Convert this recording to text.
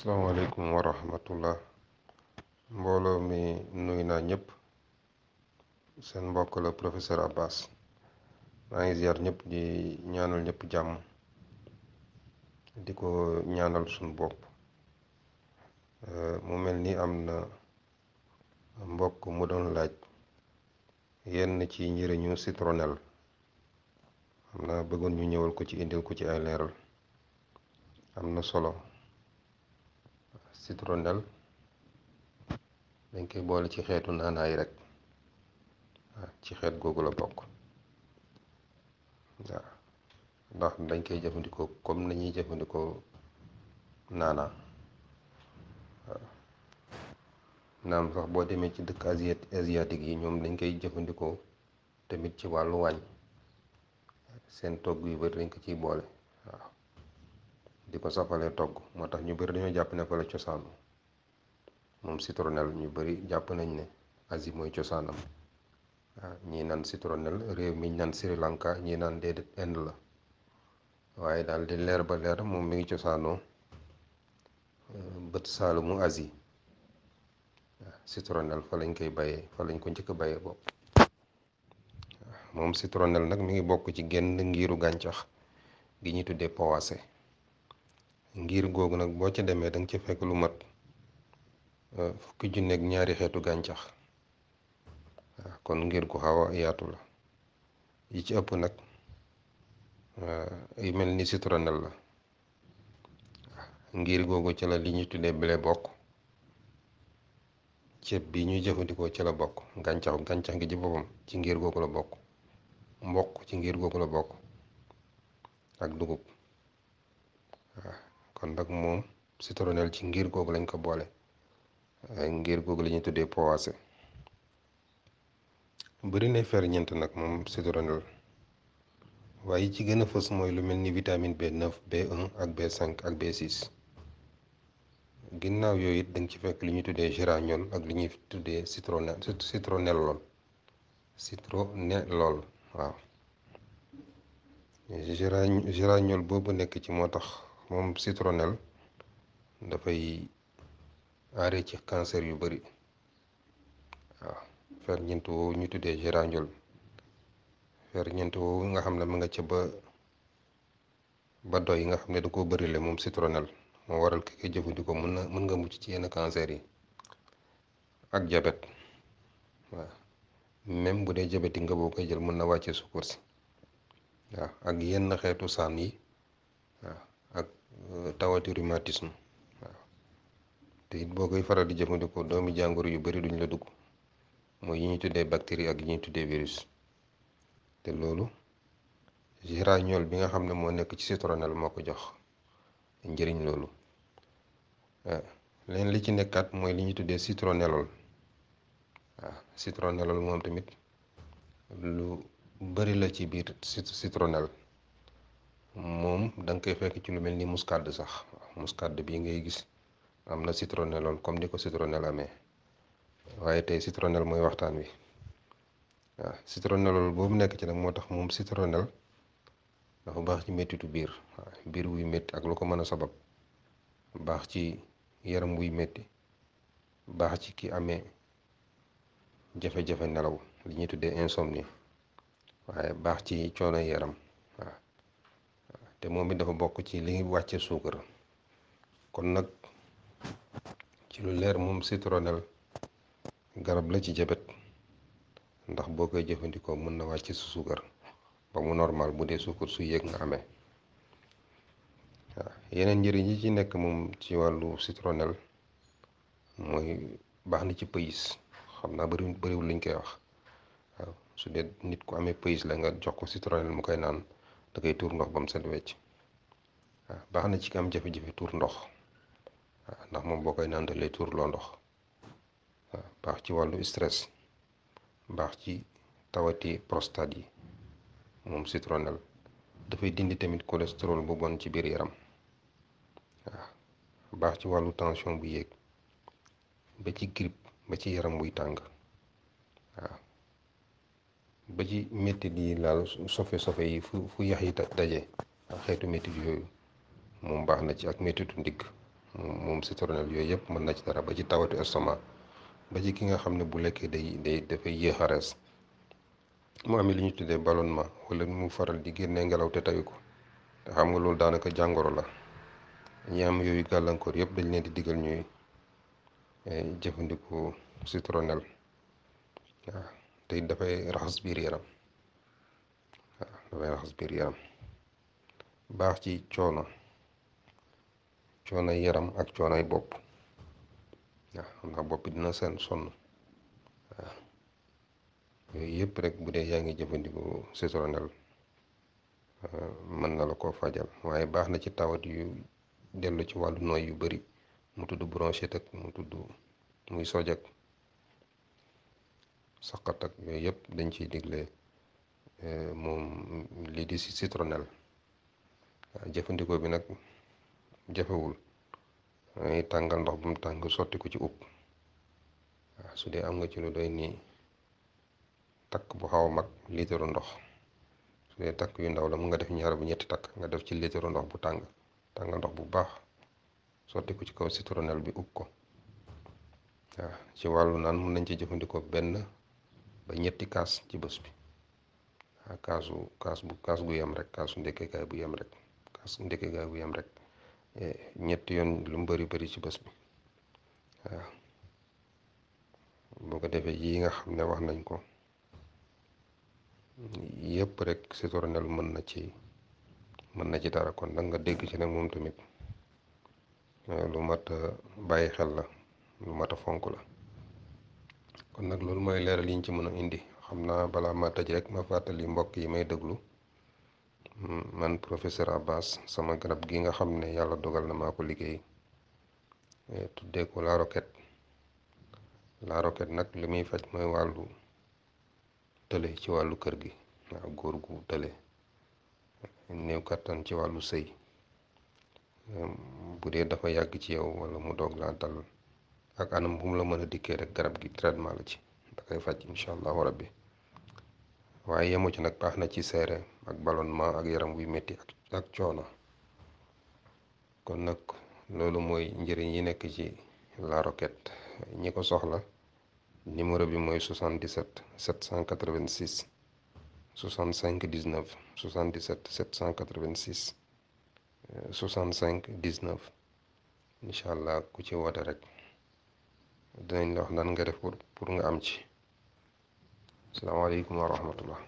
asalaamaaleykum wa rahmatullah mbooloo mi nuyu naa ñëpp seen mbokk la professeur Abbas maa ngi ziar ñëpp di ñaanal ñëpp jàmm di ko ñaanal suñu bopp mu mel ni am na mbokk mu doon laaj yenn ci njëriñu citronnelle am na bëggoon ñu ñëwal ko ci indi ko ci ay leeral am na solo citronnelle dañ koy boole ci xeetu naanaa yi rek waaw ci xeet googu la bokk waaw ndax dañ koy jëfandikoo kom nañuy jëfandikoo naana waaw naam sax boo demee ci dëkk asiat asiatique yi ñoom dañ koy jëfandikoo tamit ci wàllu wàññ seen togg yu bari dañ ko ciy boole waaw di ko sapalee togg moo tax ñu bëri dañoo jàpp ne fa la cosaanu moom citronnelle ñu bëri jàpp nañ ne Asie mooy cosaanam waaw ah, naan citronnelle réew mi ñu Lanka ñii naan déedéet Inde la waaye daal di leer ba leer moom mi ngi cosaanoo eh, bët saalumu Asie waaw ah, citronnelle fa lañ koy bayee fa lañ ko njëkk a bayee bopp ah, moom citronnelle nag mi ngi bokk ci genn ngiiru gàncax gi ñuy tuddee powasé ngir googu nag boo ca demee da nga ci fekk lu mat euh, fukki ju ak ñaari xeetu gàncax kon ngir gu xaw a yaatu la yi ci ëpp nag euh, yu mel ni citronnelle la ngir googu ci la li ñuy tuddee blé bokk ceeb bi ñuy jëfandikoo ci la bokk gàncax gàncax gi ci boppam ci ngir googu la bokk mboq ci ngir googu la bokk ak dugub kon nag moom citronnelle ci ngir googu lañ ko boole waaye ngir googu la ñuy tuddee poissé bëri na ferñeent nag moom citronnelle waaye ci gën a fës mooy lu mel ni vitamine B9 B1 ak B5 ak B6 ginnaaw yooyu it da ci fekk li ñuy tuddee géraniol ak li ñuy tuddee lool citronellol lool waaw géraniol boobu nekk ci moo tax moom citronnelle dafay aaree ci cancer yu bari waaw ferñeent woowu ñu tuddee gérandiol ferñeent woowu nga xam ne mu nga ca ba ba doy nga xam ne da koo bërile moom citronnelle moo waral ki koy jëfandikoo mën na mën nga mucc ci yenn cancer yi ak jabet waaw même bu dee diabète yi nga boo koy jël mën na wàcce sukkur si waaw ak yenn xeetu saan yi. tawati rhumatisme waaw te it boo koy faral di jëfandikoo doomi jàngoro yu bari duñ la dugg mooy yi ñuy tuddee bactérie ak yi ñuy tuddee virus te loolu géraniol bi nga xam ne moo nekk ci citronnelle moo ko jox njëriñ loolu eh, leen li ci nekkaat mooy li ñuy tuddee citronellol waaw citronellol moom tamit lu bari la ci biir citronelle moom da nga koy fekk ci lu mel ni muscade sax muscade bii ngay gis am na citronnelle comme ni ko citronnelle amee waaye tey citronnelle mooy waxtaan wi waaw citronnelle boobu nekk ci nag moo tax moom citronnelle dafa baax ci méttitu biir biir wuy métti ak lu ko mën a sabab baax ci yaram wuy métti baax ci ki amee jafe-jafe nelaw li ñuy tuddee insomnie waaye baax ci coono yaram. te moom it dafa bokk ci li wàcce suukar kon nag ci lu leer moom citronnelle garab la ci jabet ndax boo koy jëfandikoo mën na wàcce su suukar ba mu normal bu dee suukar su yéeg nga amee yeneen njëriñ yi ci nekk moom ci wàllu citronnelle mooy baax na ci pays xam naa bëri bëriwul liñ koy wax su dee nit ku amee pays la nga jox ko citronnelle mu koy naan da koy tuur ndox ba seen set wecc baax na ci am jafe-jafe tuur ndox ndax moom boo koy naan da lay tuur loo ndox baax ci wàllu stress baax ci tawati prostate yi moom citronnelle dafay dindi tamit cholestérol bu bon ci biir yaram waaw baax ci wàllu tension bu yéeg ba ci grippe ba ci yaram buy tàng waaw ba ci métti yi laal sofe sofe yi fu fu yax yi daje ak xeetu métti yooyu moom baax na ci ak méttitu ndigg moom citronnelle yooyu yëpp mën na ci dara ba ci tawatu estomac ba ci ki nga xam ne bu lekkee day day dafay yéex a rees mu amee li ñu tuddee ballonnement wala mu faral di génnee ngelaw te tayu ko te xam nga loolu daanaka jàngoro la ñi yooyu gàllankoor yëpp dañ leen di diggal ñuy eh, jëfandikoo citronnelle waaw te it dafay raxas biir yaram waaw dafay raxas biir yaram baax ci coono coonoy yaram ak coonoy bopp waaw xam naa bopp dina seen sonn waaw yooyu yëpp rek bu dee yaa ngi jëfandikoo citronnelle euh, mën na la ko fajal waaye baax na ci tawat yu dellu ci wàllu nooy yu bari mu tudd bronchite ak mu tudd muy soj saqat ak yooyu yëpp dañ ci digle euh, moom lii di si citronnelle jëfandikoo bi nag jafewul dangay tàngal ndox bu tàng sotti ko ci ub su dee am nga ci lu doy nii takk bu xaw a mag liitaru ndox su dee takk yu ndaw la mun nga def ñaar bu ñetti takk nga def ci liitaru ndox bu tàng tàngal ndox bu baax sotti ko ci kaw citronnelle bi ub ko waaw ci wàllu naan mun nañ ci jëfandikoo benn ba ñetti kaas ci bés bi ah kaasu kaas bu kaas bu yem rek kaasu ndekkeekaay bu yem rek kaas ndekkeekaay bu yem rek eh, ñetti yoon lu mu bari bëri ci bés bi waaw ah, boo ko defee yi nga xam ne wax nañ ko yëpp rek citronnelle mën na ci mën na ci dara kon nag nga dégg ci ne moom tamit eh, lu mat a bàyyi xel la lu mat a fonk la kon nag loolu mooy leeral yi ñu ci mën a indi xam naa balaa ma tëj rek ma fàttali mbokk yi may déglu hmm, man professeur Abbas sama garab gi nga xam ne yàlla dogal na maa ko liggéey eh, tuddee ko la roquette la roquette nag li muy faj mooy wàllu tële ci wàllu kër gi waaw góor gu tële néew kattan ci wàllu sëy hmm, bu dee dafa yàgg ci yow wala mu doog laa dal ak anam bu la mën a dikkee rek garab gi traitement la ci da koy faj incha allahu rabbi waaye yemu ci nag baax na ci seere ak ballonnement ak yaram wuy métti ak ak coono kon nag loolu mooy njëriñ yi nekk ci la roquette ñi ko soxla numéro bi mooy 77 786 65 19 77 786 65 19 incha allah ku ci woote rek dinañ la wax nan nga def pour pour nga am ci asalaamaaleykum wa rahmatullah